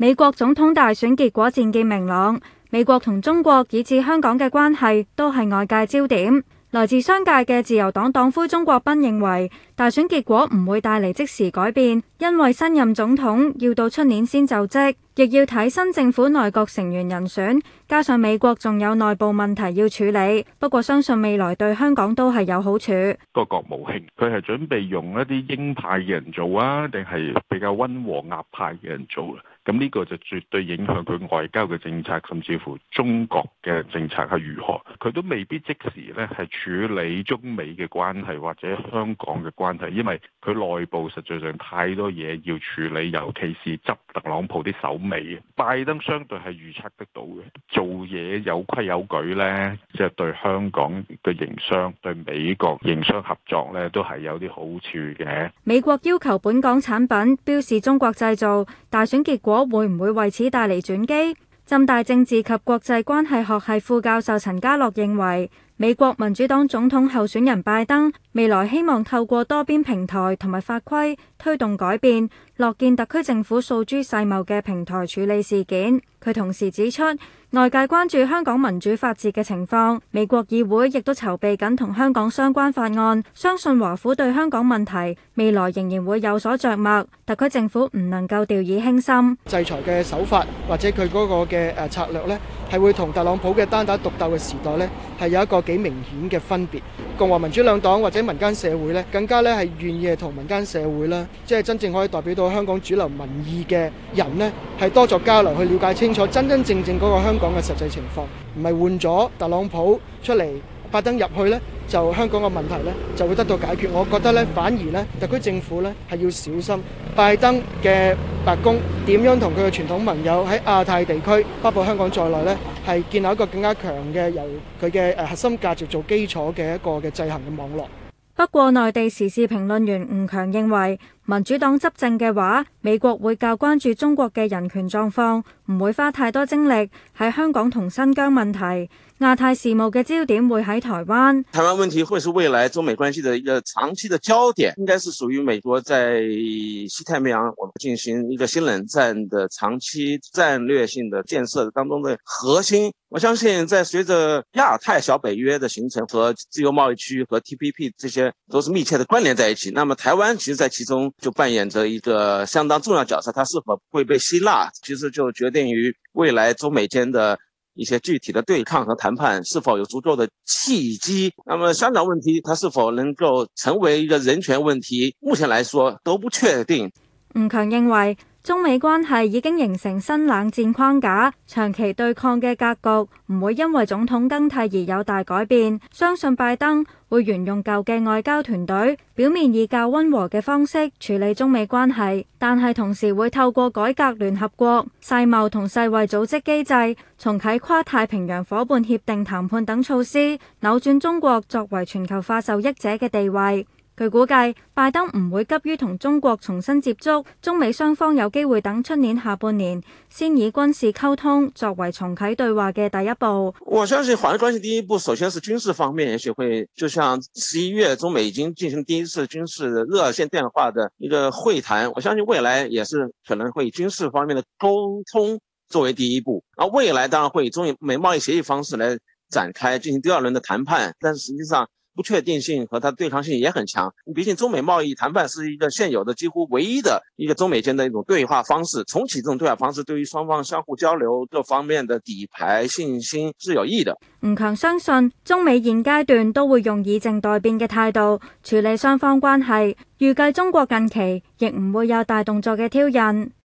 美國總統大選結果漸見明朗，美國同中國以至香港嘅關係都係外界焦點。來自商界嘅自由黨黨魁鍾國斌認為，大選結果唔會帶嚟即時改變，因為新任總統要到出年先就職，亦要睇新政府內閣成員人選，加上美國仲有內部問題要處理。不過相信未來對香港都係有好處。個國務卿佢係準備用一啲鷹派嘅人做啊，定係比較溫和鴿派嘅人做啊？咁呢個就絕對影響佢外交嘅政策，甚至乎中國嘅政策係如何，佢都未必即時咧係處理中美嘅關係或者香港嘅關係，因為佢內部實在上太多嘢要處理，尤其是執特朗普啲手尾。拜登相對係預測得到嘅，做嘢有規有矩呢，即係對香港嘅營商、對美國營商合作呢，都係有啲好處嘅。美國要求本港產品標示中國製造，大選結果，會唔會為此帶嚟轉機？浸大政治及國際關係學系副教授陳家洛認為。美國民主黨總統候選人拜登未來希望透過多邊平台同埋法規推動改變，樂見特區政府訴諸世貿嘅平台處理事件。佢同時指出，外界關注香港民主法治嘅情況，美國議會亦都籌備緊同香港相關法案。相信華府對香港問題未來仍然會有所着墨，特區政府唔能夠掉以輕心。制裁嘅手法或者佢嗰個嘅誒策略呢，係會同特朗普嘅單打獨鬥嘅時代呢，係有一個。幾明顯嘅分別，共和民主兩黨或者民間社會咧，更加咧係願意同民間社會啦，即係真正可以代表到香港主流民意嘅人咧，係多作交流去了解清楚真真正正嗰個香港嘅實際情況，唔係換咗特朗普出嚟，拜登入去咧。就香港嘅問題咧，就會得到解決。我覺得咧，反而咧，特區政府咧係要小心拜登嘅白宮點樣同佢嘅傳統盟友喺亞太地區，包括香港在內咧，係建立一個更加強嘅由佢嘅誒核心價值做基礎嘅一個嘅制衡嘅網絡。不過，內地時事評論員吳強認為，民主黨執政嘅話，美國會較關注中國嘅人權狀況，唔會花太多精力喺香港同新疆問題。亞太事務的焦點會喺台灣，台灣問題會是未來中美關係的一個長期的焦點，應該是屬於美國在西太平洋我們進行一個新冷戰的長期戰略性的建設當中的核心。我相信，在隨着亞太小北約的形成和自由貿易區和 TPP，這些都是密切的關聯在一起。那麼台灣其實，在其中就扮演着一個相當重要角色，它是否會被吸納，其實就決定於未來中美間的。一些具體的對抗和談判是否有足夠的契機？那麼香港問題它是否能夠成為一個人權問題？目前來說都不確定。吳強認為。中美關係已經形成新冷戰框架，長期對抗嘅格局唔會因為總統更替而有大改變。相信拜登會沿用舊嘅外交團隊，表面以較溫和嘅方式處理中美關係，但係同時會透過改革聯合國、世貿同世衛組織機制、重啟跨太平洋伙伴協定談判等措施，扭轉中國作為全球化受益者嘅地位。佢估計拜登唔會急於同中國重新接觸，中美雙方有機會等出年下半年先以軍事溝通作為重啟對話嘅第一步。我相信，華人關係第一步首先是軍事方面，也許會就像十一月中美已經進行第一次軍事熱線電話的一個會談，我相信未來也是可能會以軍事方面的溝通作為第一步。而，未來當然會以中美貿易協議方式來展開進行第二輪的談判，但實際上，不確定性和它的對抗性也很強。畢竟，中美貿易談判是一個現有的幾乎唯一的一個中美間的一種對話方式。重啟這種對話方式，對於雙方相互交流各方面的底牌、信心是有益的。吳強相信，中美現階段都會用以靜待變嘅態度處理雙方關係。預計中國近期亦唔會有大動作嘅挑釁。